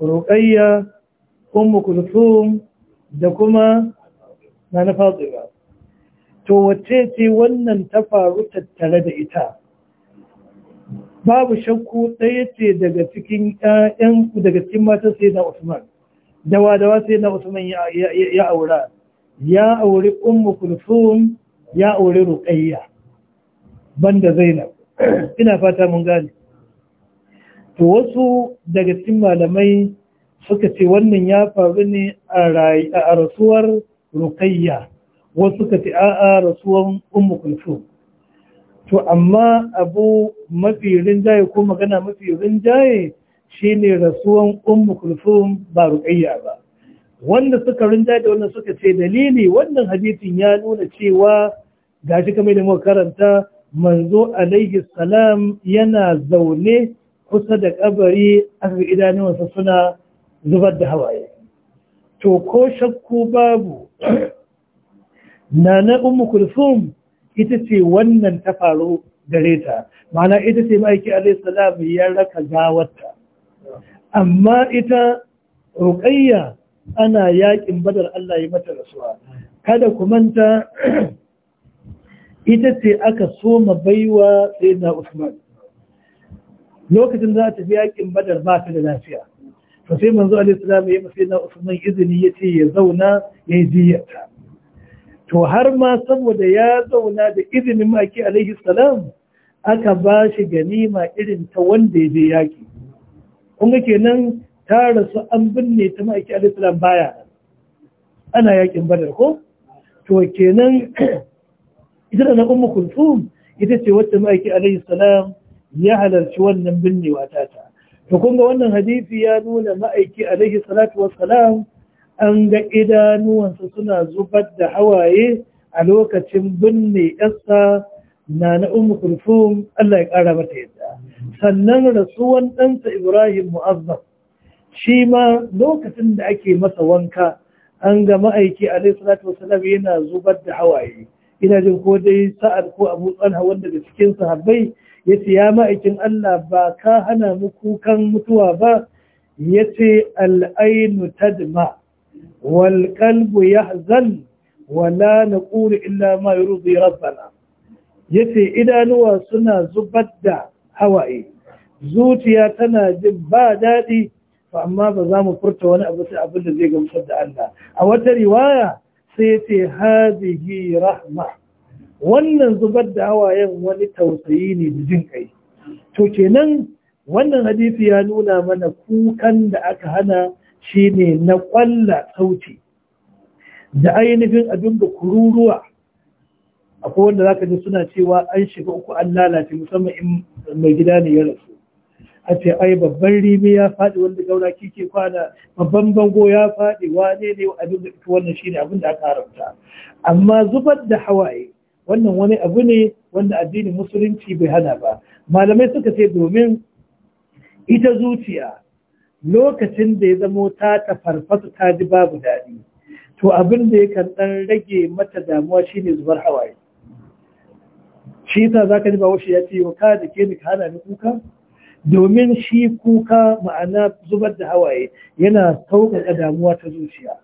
ruqayya ummu kulthum da kuma nana fatima to wace ce wannan ta faru tattare da ita babu shakku ɗaya ce daga cikin ƴaƴan daga cikin matan sai na Usman dawa dawa sai na Usman ya aura ya aure ummu kulsum ya aure ruqayya banda Zainab ina fata mun gane to wasu daga cikin malamai suka ce wannan ya faru ne a rasuwar ruqayya wasu ka ce a'a rasuwan ummu kulthum to amma abu mafi rinjaye ko magana mafi rinjaye shine rasuwan ummu kulthum ba ruqayya ba wanda suka rinjaye da wannan suka ce dalili wannan hadisin ya nuna cewa gashi kamar da muka karanta manzo alaihi salam yana zaune kusa da kabari aka idanuwansa suna zubar da hawaye to ko shakku babu nana umu kulsum ita ce wannan ta faru gare ta ma'ana ita ce ma'aiki alaihi salam ya raka gawarta amma ita ruƙayya ana yakin badar Allah ya mata rasuwa kada ku manta ita ce aka soma baiwa sayyidina Usman lokacin za ta fi yakin badar ba ta da lafiya to sai manzo alaihi salam ya masa sayyidina Usman izini yace ya zauna ya jiyata. to har ma saboda ya zauna da izinin maki alaihi salam aka ba shi ganima irin ta wanda ya je yaki kun ga kenan ta rasu an binne ta maki alaihi salam baya ana yaƙin badar ko to kenan ita na ummu kulthum ita ce wata maki alaihi salam ya halarci wannan binnewa ta ta to kun ga wannan hadisi ya nuna maki alaihi salatu wassalam an ga idanuwansa suna zubar da hawaye a lokacin binne yasa na na umu kulfum Allah ya ƙara mata yadda sannan rasuwan ɗansa Ibrahim Mu'azzam shi ma lokacin da ake masa wanka an ga ma'aiki alaihi salatu wasalam yana zubar da hawaye ina jin ko dai sa'ad ko abu tsalha wanda da cikin sahabbai ya ce ya ma'aikin Allah ba ka hana mu kukan mutuwa ba ya ce al'ainu tadma Walƙalbu ya yahzan wala naqulu illa ma yurdi rabbana yace idanuwa suna zubar da hawaye zuciya tana jin ba daɗi amma ba za mu furta wani abu sai abin da zai gamsar da Allah a wata riwaya sai ya ce hadihi rahma wannan zubar da hawayen wani tausayi ne da jin kai to kenan wannan hadisi ya nuna mana kukan da aka hana Shi ne na ƙwalla sauti da ainihin abin da kururuwa akwai wanda za ka ji suna cewa an shiga uku an lalace musamman in mai gida ne ya rasu a ce ai babban rimi ya faɗi wanda gaura kike kwana babban bango ya faɗi wane ne abin da ita wannan shine abin da aka haramta amma zubar da hawaye wannan wani abu ne wanda addinin musulunci bai hana ba malamai suka ce domin ita zuciya lokacin da ya zamo ta ta ta ji babu daɗi to abin da ya kan ɗan rage mata damuwa shine zubar hawaye shi yasa za ka ji ba washe ya ce ka da ke ni ka hana ni kuka domin shi kuka ma'ana zubar da hawaye yana sauƙaƙa damuwa ta zuciya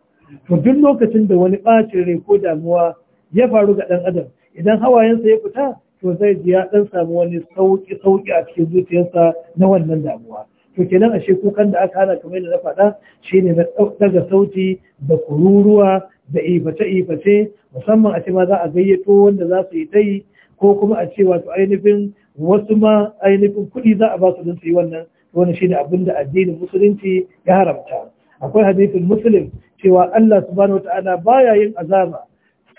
to duk lokacin da wani ɓacin rai ko damuwa ya faru ga ɗan adam idan hawayensa ya fita to zai ji ya ɗan samu wani sauƙi-sauƙi a cikin zuciyarsa na wannan damuwa to kenan ashe kukan da aka hana kamar yadda na faɗa shine na daga sauti da kururuwa da iface-iface musamman a ce ma za a gayyato wanda za su yi ta yi ko kuma a ce wato ainihin wasu ma ainihin kuɗi za a ba su don su yi wannan wani shine abin da addinin musulunci ya haramta akwai hadisin muslim cewa Allah subhanahu ta'ala baya yin azaba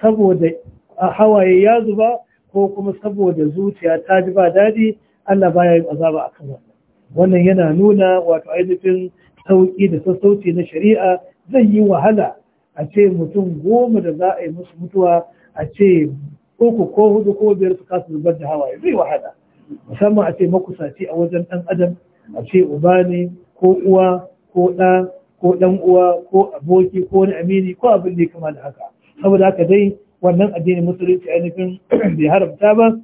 saboda hawaye ya zuba ko kuma saboda zuciya ta ji ba daɗi Allah baya yin azaba akan wannan wannan yana nuna wato ainihin sauƙi da sassauci na shari'a zai yi wahala a ce mutum goma da za a yi musu mutuwa a ce uku ko hudu ko biyar su kasu zubar da hawaye zai wahala musamman a ce makusaci a wajen ɗan adam a ce uba ne ko uwa ko ɗa ko ɗan uwa ko aboki ko wani amini ko abin da kama da haka saboda haka dai wannan addinin musulunci ainihin bai haramta ba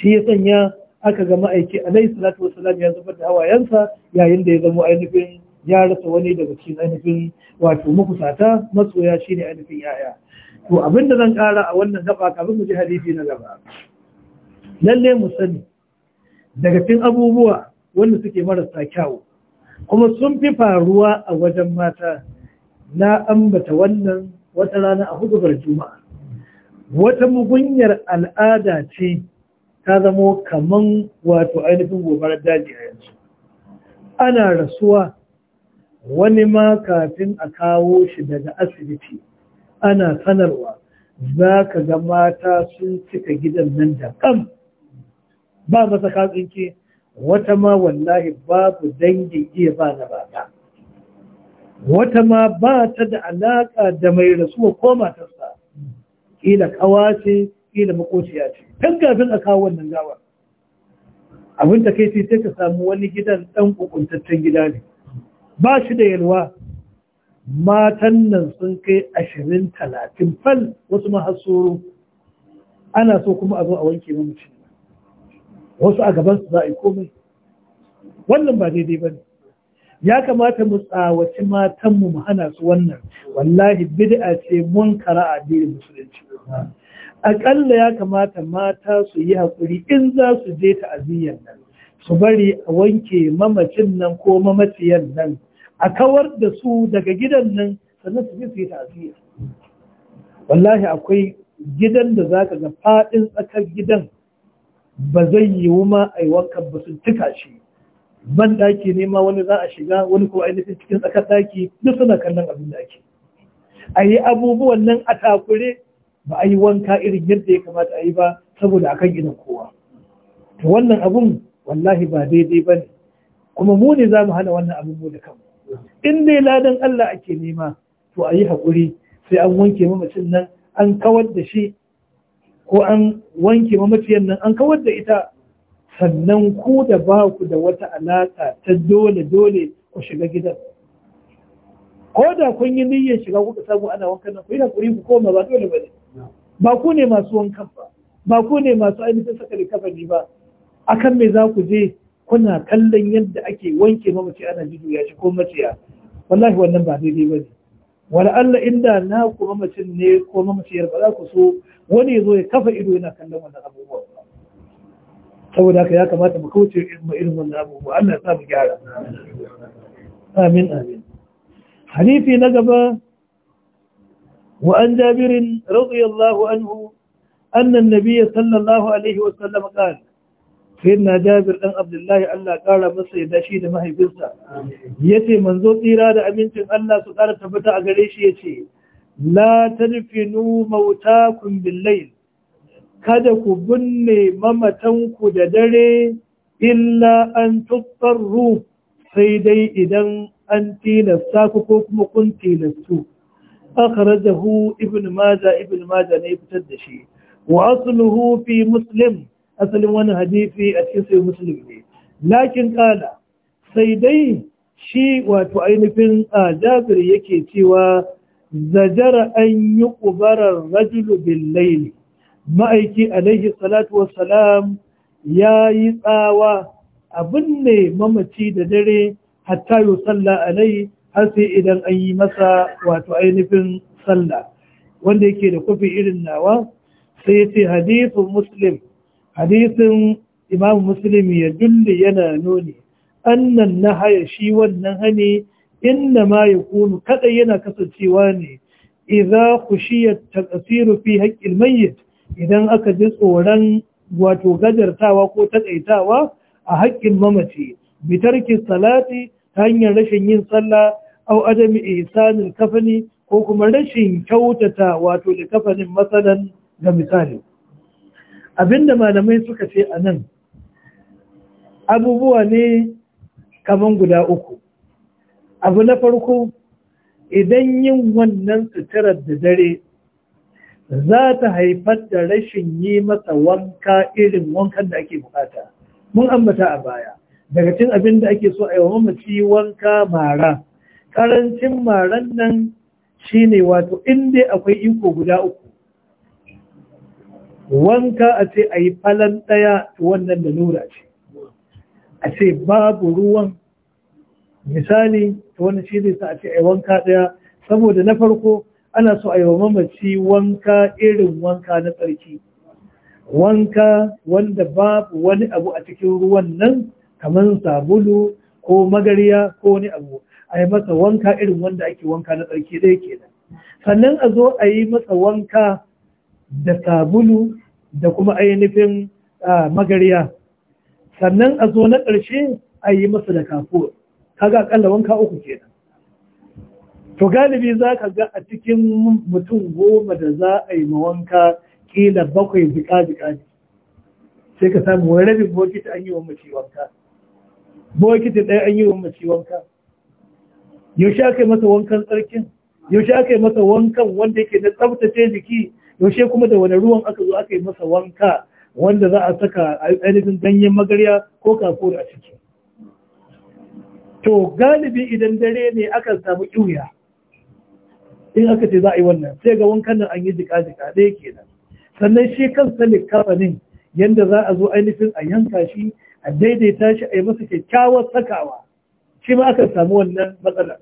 shi ya sanya aka ga ma'aiki alaihi salatu wasalam ya zubar da hawayensa yayin da ya zama ainihin ya rasa wani daga cikin ainihin wato makusata masoya shine ainihin yaya to abin da zan kara a wannan gaba kafin mu ji hadisi na gaba lalle mu sani daga cikin abubuwa wanda suke marasa kyau kuma sun fi faruwa a wajen mata na ambata wannan wata rana a hudubar juma'a wata mugunyar al'ada ce ta zamo kaman wato ainihin gobarar daji a yanzu ana rasuwa wani ma kafin a kawo shi daga asibiti ana sanarwa za ka ga mata sun cika gidan nan da kam ba masa katsinki wata ma wallahi babu dangin iya ba na bata wata ma ba ta da alaƙa da mai rasuwa ko matarsa ƙila kawace kila makociya ce kan kafin a kawo wannan gawa abin da kai sai ka samu wani gidan dan kukuntaccen gida ne ba shi da yalwa matan nan sun kai ashirin talatin fal wasu mahasoro ana so kuma a a wanke mamaci wasu a gaban su za a yi komai wannan ba daidai ba ne ya kamata mu tsawaci matanmu mu hana su wannan wallahi bid'a ce mun kara addinin musulunci Akalla ya kamata mata su yi haƙuri in za su je ta'aziyyar nan su bari a wanke mamacin nan ko mamaciyar nan a kawar da su daga gidan nan sannan su je su yi wallahi akwai gidan da za ka ga faɗin tsakar gidan ba zai yiwu ma a yi wankan ba sun tuka shi ban ɗaki ne ma wani za a shiga wani kuma ainihin cikin tsakar ɗaki duk suna kallon abin da ake a yi abubuwan nan a takure ba a yi wanka irin yadda ya kamata a yi ba saboda akan idan kowa to wannan abun wallahi ba daidai ba ne kuma mu ne za mu hana wannan abun mu da kan in dai ladan Allah ake nema to a yi haƙuri sai an wanke mamacin nan an kawar da shi ko an wanke mamaciyan nan an kawar da ita sannan ku da ba ku da wata alaƙa ta dole dole ku shiga gidan ko da kun yi niyyar shiga kuka samu ana wankan nan ku yi haƙuri ku koma ba dole ba ne ba ku ne masu wanka ba ba ku ne masu ainihin saka likafani ba akan me za ku je kuna kallon yadda ake wanke mamaci ana jidu ya shi ko maciya wallahi wannan ba daidai ba ne wani Allah inda na ku mamacin ne ko mamaciyar ba za ku so wani ya zo ya kafa ido yana kallon wannan abubuwa saboda haka ya kamata mu kauce irin wannan abubuwa Allah ya sa mu gyara amin amin hanifi na gaba وعن جابر رضي الله عنه أن النبي صلى الله عليه وسلم قال سيدنا جابر أن عبد الله الله قال مصر داشيد ما هي بلسة يتي منذ إرادة أمينة الله سقال تبتع قليش يتي لا تدفنوا موتاكم بالليل kada ku binne mamatanku da dare illa an tuttarru sai dai idan an tilasta ku ko kuma kun tilastu hu ibn majah ibn majah ne fitar da shi wa asluhu fi muslim asalin wani hadisi a cikin sai muslim ne lakin kana sai dai shi wato ainihin jabir yake cewa zajara an yi ƙubarar rajulu billaili ma'aiki alaihi salatu wassalam ya yi tsawa abin ne mamaci da dare hatta yi salla alai har sai idan an yi masa wato ainihin sallah wanda yake da kofi irin nawa sai ya ce hadithun muslim hadithin imam muslim ya dulli yana nuni annan na haya shi wannan hani inna ma ya kunu kaɗai yana kasancewa ne idza khushiya taqsiru fi haqqil mayyit idan aka ji tsoron wato gajartawa ko takaitawa a haƙƙin mamaci bitarki salati ta hanyar rashin yin sallah au adami ihsanin kafani ko kuma rashin kyautata wato da kafanin matsalan ga misali abinda malamai suka ce a nan abubuwa ne kaman guda uku abu na farko idan yin wannan suturar da dare za ta haifar da rashin yi masa wanka irin wankan da ake bukata mun ambata a baya daga cin abin da ake so a yi wa mamaci wanka mara karancin maran nan shi ne wato inda akwai iko guda uku wanka a ce a yi falon ɗaya wannan da nura ce a ce babu ruwan misali ta wani shi ne sa a ce a yi wanka ɗaya saboda na farko ana so a yi wa mamaci wanka irin wanka na tsarki wanka wanda babu wani abu a cikin ruwan nan kamar sabulu ko magariya ko wani abu a yi masa wanka irin wanda ake wanka na tsarki ɗaya kenan sannan a zo a yi masa wanka da sabulu da kuma ainihin magariya sannan a zo na ƙarshe a yi masa da ka kaga akalla wanka uku kenan to galibi za ka ga a cikin mutum goma da za a yi mawanka ƙila bakwai jika-jika sai ka samu wani rabin bokiti an yi wa mace wanka bokiti ɗaya an yi wa mace wanka yaushe aka yi masa wankan tsarkin yaushe aka yi masa wankan wanda yake na tsabtace jiki yaushe kuma da wani ruwan aka zo aka yi masa wanka wanda za a saka ainihin ganyen magarya ko kafur a ciki to galibi idan dare ne aka samu ƙiwuya in aka ce za a yi wannan sai ga wankan nan an yi jika-jika ɗaya kenan sannan shi kan sani kafanin yanda za a zo ainihin a yanka shi a daidaita shi a yi masa kyakkyawar sakawa shi ma aka samu wannan matsalar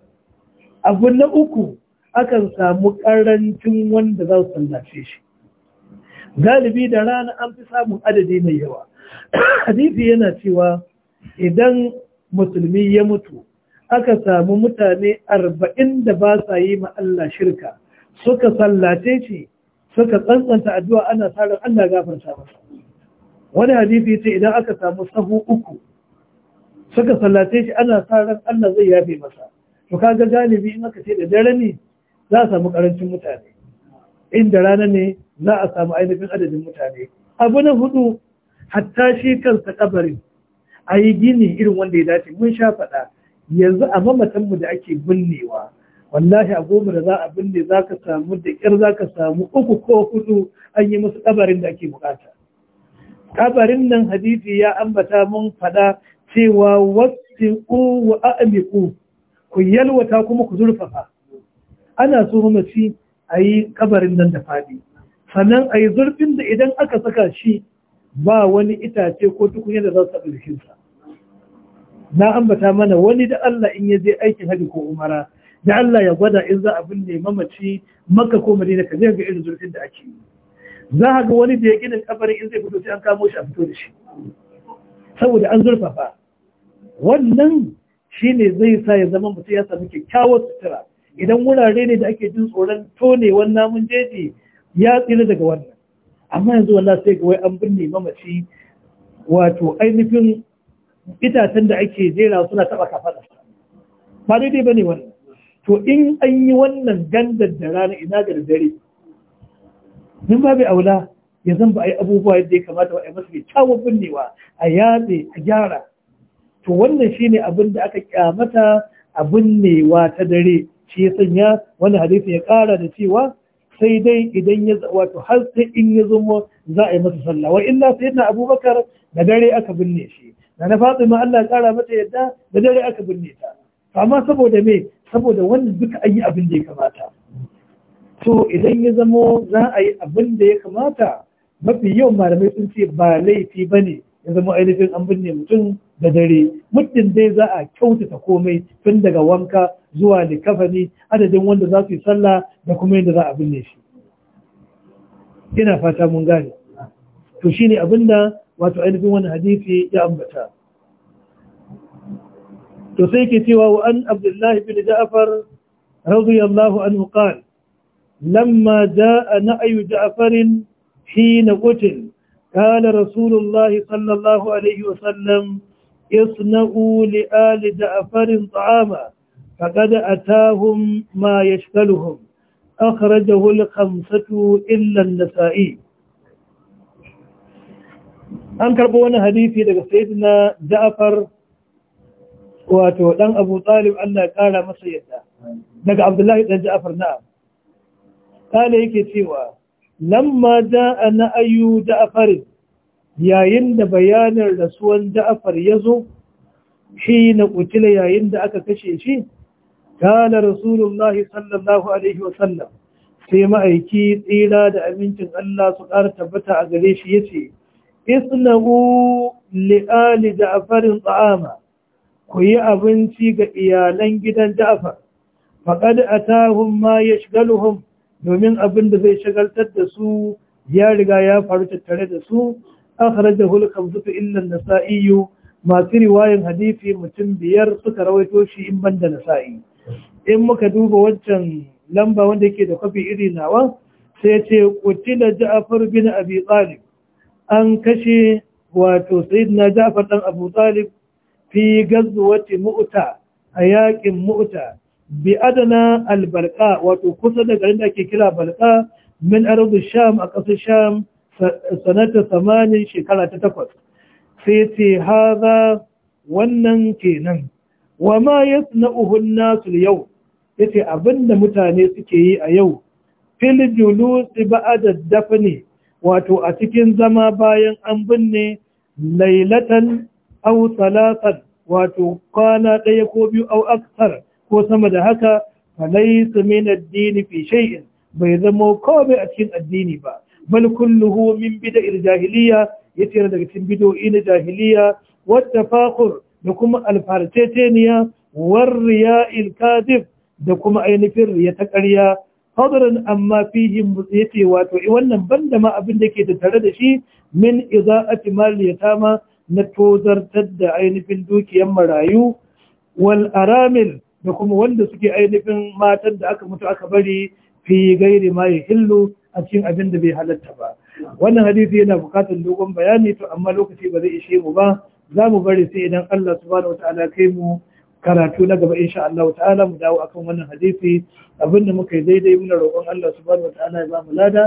abu na uku akan samu ƙarancin wanda za su sallace shi galibi da rana an fi samun adadi mai yawa hadisi yana cewa idan musulmi ya mutu aka samu mutane arba'in da ba sa yi ma Allah shirka suka sallace shi suka tsantsanta addu'a ana tsarin Allah gafarta masa wani hadisi ce idan aka samu sahu uku suka sallace shi ana tsarin Allah zai yafe masa to kaga galibi in aka ce da dare ne za a samu karancin mutane inda rana ne za a samu ainihin adadin mutane abu na hudu hatta shi kansa kabarin a yi gini irin wanda ya dace mun sha faɗa yanzu a mamatanmu da ake binnewa wallahi a goma da za a binne za ka samu da ƙyar za ka samu uku ko hudu an yi musu kabarin da ake bukata kabarin nan hadisi ya ambata mun faɗa cewa wasu wa a'miku ku yalwata kuma ku zurfafa ana so mamaci a yi kabarin nan da faɗi sannan ayi zurfin da idan aka saka shi ba wani itace ko tukunya da za su taɓa jikinsa na ambata mana wani da Allah in ya je aikin hajji ko umara da Allah ya gwada in za a binne mamaci maka ko madina ka zai ga irin zurfin da ake yi za a ga wani da ya ginin kabarin in zai fito sai an kamo shi a fito da shi saboda an zurfafa wannan shi ne zai sa ya zama mutum ya samu kyakkyawar sutura idan wurare ne da ake jin tsoron tonewar namun jeji ya tsira daga wannan amma yanzu wallah sai ga wai an binne mamaci wato ainihin itacen da ake jera suna taba kafada ba daidai ne wannan to in an yi wannan gandar da rana ina da dare min babu aula ya zan ba a yi abubuwa yadda ya kamata ba a yi masu kyawun binnewa a yatsa a gyara to wannan shine abin da aka kyamata abin newa ta dare shi ya sanya wani hadisi ya kara da cewa sai dai idan ya wato har sai in ya zo za a yi masa sallah wa illa sayyidina abubakar da dare aka binne shi da na fatima Allah ya kara mata yadda da dare aka binne ta amma saboda me saboda wanda duka an yi abin da ya kamata to idan ya zamo za a yi abin da ya kamata mafi yawan malamai sun ce ba laifi ba ne ya zama ainihin an binne mutum da dare muddin dai za a kyautata komai tun daga wanka zuwa likafani adadin wanda za su yi sallah da kuma yadda za a binne shi ina fata mun gane to shine abinda wato ainihin wani hadisi ya ambata to sai ke cewa wa an abdullahi bin ja'far radiyallahu anhu qala lamma jaa na'yu ja'farin hina qutil قال رسول الله صلى الله عليه وسلم اصنعوا لآل جعفر طعاما فقد أتاهم ما يشكلهم أخرجه الخمسة إلا النسائي an karɓi wani hadisi daga sayyidina Ja'far wato dan Abu Talib Allah ya kara masa yadda daga Abdullahi dan Ja'far na'am kale yake cewa lamma ja'a na ayu Ja'far yayin da bayanin rasuwan ja'afar ya zo shi na kutila yayin da aka kashe shi kana rasulullahi sallallahu alaihi wasallam sai ma'aiki tsira da amincin Allah su ƙara tabbata a gare shi yace ce isnahu li'ali ja'afarin ta'ama ku yi abinci ga iyalan gidan ja'afar faƙad a ma ya domin abin da zai shagaltar da su ya riga ya faru tattare da su akhrajahu al-khamsatu illa an-nasa'i masu riwayan hadisi mutum biyar suka rawaito shi in banda nasa'i in muka duba waccan lamba wanda yake da kwafi iri nawa sai ce kutila ja'far bin abi talib an kashe wato sayyidina ja'far dan abu talib fi gazwati mu'ta a yaƙin mu'ta bi adana albarka wato kusa da garin da ake kira balka min arabu sham a ƙasar sham sanata samanin shekara ta takwas sai ce haza wannan kenan wa ma uhun nasu yau yace abinda mutane suke yi a yau fil julusi ba'da ne. wato a cikin zama bayan an binne lailatan aw salatan wato kwana ɗaya ko biyu au aksar ko sama da haka falaisu min addini fi shay'in bai zama komai a cikin addini ba bal kulluhu min bid'il jahiliya yace yana daga cikin bid'o'i na jahiliya wat tafakhur da kuma alfarteteniya war riya'il kadhib da kuma ainihin riya ta ƙarya fadran amma fihi yace wato wannan banda ma abin da ke tattare da shi min iza'ati mal yatama na tozartar da ainihin dukiyar marayu wal aramil da kuma wanda suke ainihin matan da aka mutu aka bari fi gairi ma ya hillu a cikin abin da bai halatta ba wannan hadisi yana bukatar dogon bayani to amma lokaci ba zai ishe mu ba za mu bari sai idan Allah subhanahu wataala kai mu karatu na gaba insha Allah ta'ala mu dawo akan wannan hadisi abinda muka yi daidai muna roƙon Allah subhanahu wataala ya bamu lada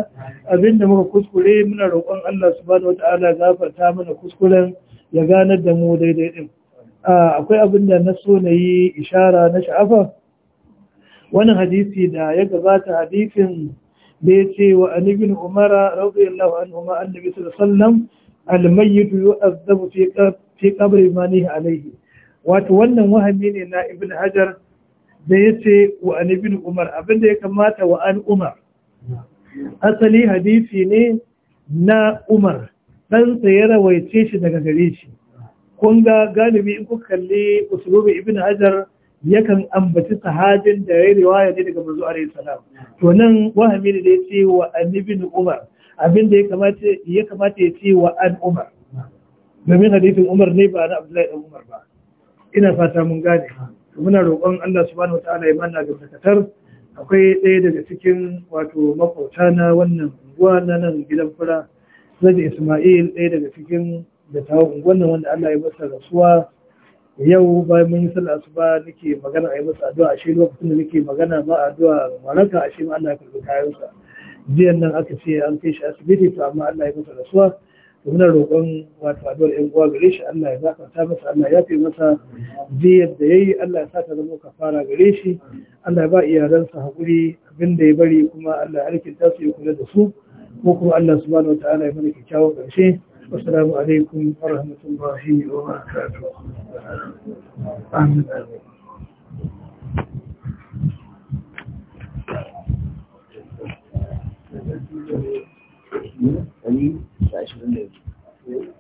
abinda muka kuskure muna roƙon Allah subhanahu wataala ya gafarta mana kuskuren ya ganar da mu daidai din akwai abinda na so na yi ishara na sha'afa wannan hadisi da ya gabata hadisin da ya ce wa an ibn umara radiyallahu anhu ma annabi sallallahu alaihi wasallam al-mayyit yu'azzabu fi fi qabri manihi alaihi wato wannan wahami ne na ibn hajar da ya ce wa an umar abinda ya kamata wa an umar asali hadisi ne na umar dan ya rawaice shi daga gare shi kun ga galibi in kuka kalli usulubi ibn hajar yakan ambaci sahabin da ya riwaya ne daga manzo alaihi salam to nan wahami ne da ya ce wa an ibn umar abin da ya kamata ya ce wa an umar domin hadisin umar ne ba na abdullahi dan umar ba ina fata mun gane muna roƙon Allah subhanahu wataala ya manna ga takatar akwai ɗaya daga cikin wato makwauta na wannan unguwa na nan gidan fura zai Ismail ɗaya daga cikin da tawo unguwan wanda Allah ya masa rasuwa yau bayan mun yi sallah ba nake magana a yi masa addu'a ashe lokacin da nake magana ba addu'a a ashe ma Allah ya karbi kayansa jiyan nan aka ce an kai shi asibiti to amma Allah ya masa rasuwa to muna roƙon wato addu'ar ƴan uwa gare shi Allah ya zakarta masa Allah ya fi masa jiyan da yayi Allah ya sa ta zama kafara gare shi Allah ya ba iyalansa haƙuri abin da ya bari kuma Allah ya alkinta su ya kula da su ko kuma Allah subhanahu wataala ya mana kyakkyawan ƙarshe والسلام عليكم ورحمة الله وبركاته آمين